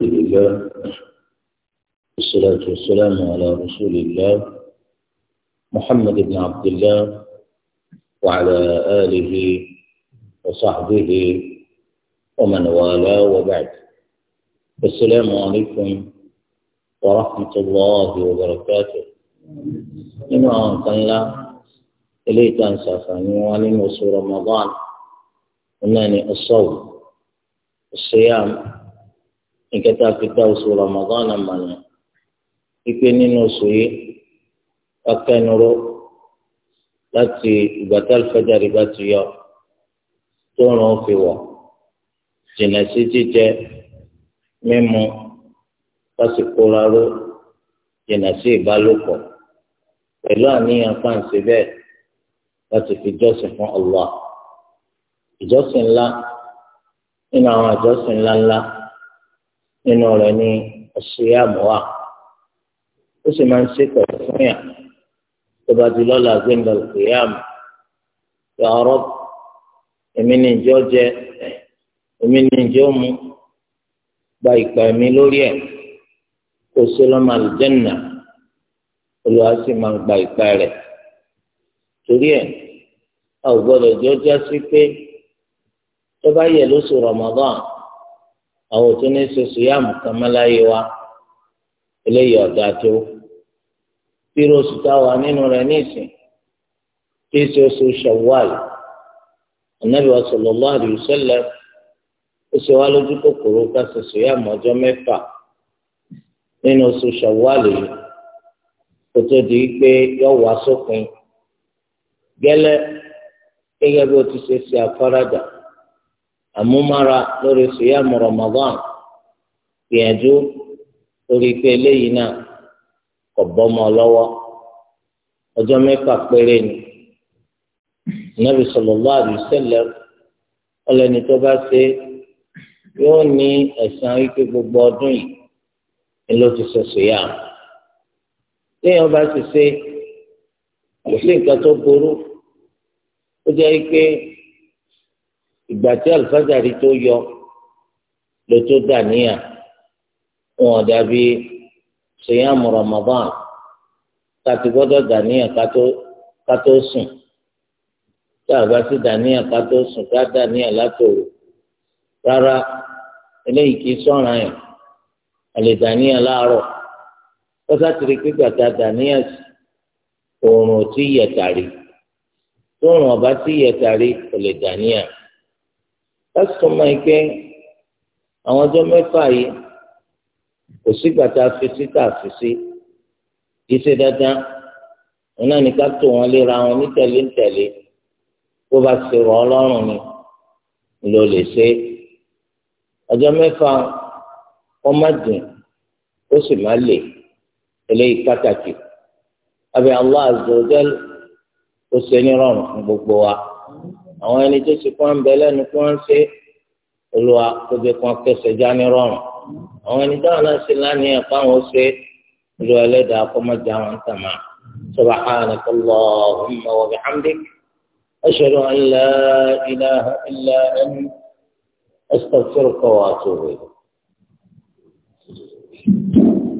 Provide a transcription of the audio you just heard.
الله والصلاة والسلام على رسول الله محمد بن عبد الله وعلى آله وصحبه ومن والاه وبعد السلام عليكم ورحمة الله وبركاته إما أنقل إليك أن سافعني وعلم رمضان أنني الصوم الصيام ìkẹta fi dá oṣù Ramadan àmàlà wípé nínú oṣù yìí ọkẹnuró láti ìgbà tá alifájàre bá ti yọ tó ràn fi wọ jìnnà sí jíjẹ mímu pásíkóra ró jìnnà sí ìbálòpọ̀ pẹ̀lú àníyàn pàǹsí bẹ́ẹ̀ láti fi jọ́sìn fún Allah ìjọ́sìn ńlá nínú àwọn ìjọ́sìn ńláńlá nínú rẹ̀ ní ọ̀ṣùyàmù wa ó sì máa ń ṣètò fún yà tó bá ti lọ́la gbẹ̀ngàn ọ̀ṣùyàmù yà ọ̀rọ̀ èmi ní ìjọ jẹ èmi ní ìjọ mu gba ìpè mi lórí ẹ̀ kó sí lọ́mọ àlùjẹ́nà olùwà sì máa gba ìpè rẹ̀ torí ẹ̀ a ò gbọ́dọ̀ jọ jásí pé tó bá yẹ lóṣù Ramadan. àwọn òtún ní soso yá mùkàmáláyé wa eléyìí ọ̀dà tó bírò oṣù táwa nínú rẹ̀ nísìn tí soso ṣàwáàlì ànábì wa sallallahu ó ṣe wá lójú kòkòrò ká soso yá mọ́jọ́ mẹ́fà nínú oṣù ṣàwáàlì yìí tó di pé yọ wá sópin gẹ́lẹ́ gẹ́gẹ́ bí o ti ṣe ṣe àmúmára lórí sùyàmù Ramadan gbìyànjú lórí pé eléyìí náà kò bọ́mọ lọ́wọ́ ọjọ́ mẹ́fà péré ni nàbì sallallahu alaihi wasallam ọlẹ́ni tó bá ṣe yóò ní ẹ̀san ike gbogbo ọdún yìí ló ti ṣe sùyàmù léèyàn bá ti ṣe kò sí nǹkan tó burú ó jẹ́ ike ìgbà tí alifájàrí tó yọ ló tó dà níyà wọn dàbí sèyàmù Ramadan kàti gbọ́dọ̀ dà níyà kátó sùn tá a bá sì dà níyà kátó sùn ká dà níyà látòrò rárá eléyìí kì í sọ̀ràn yẹn àlè dà níyà láàárọ̀ ó sátìrì pípà tá dà níyà oòrùn ò tí yẹ tàrí tóòrùn ọba tí yẹ tàrí kò lè dà níyà ẹsùn máa ń pé àwọn ọjọ́ mẹ́fà yìí kò sígbà tá a fi sí tá a fi sí ìṣe dandan wọn náà ní ká tó wọn léra wọn ní tẹ̀lé ń tẹ̀lé bó bá ṣe rọ ọlọ́run ni ló lè ṣe ọjọ́ mẹ́fà wọn má dùn ó sì má lè eléyìí pàtàkì abẹ́ Allah azza ó ṣe ní rọrùn fún gbogbo wa àwọn ẹni tó ti kọ́ ń bẹ lẹ́nu kí wọ́n ń ṣe olùwà tóbi kan kẹsẹ̀ já ní rọrùn àwọn ẹni táwọn náà ṣe lánìí ẹ̀kọ́ àwọn ó ṣe olùwà ẹlẹ́dàá kọ́ mọ́ já wọn tàmá subhanaka allahumma wa bihamdik ashhadu an la ilaha illa anta astaghfiruka wa atubu ilayk.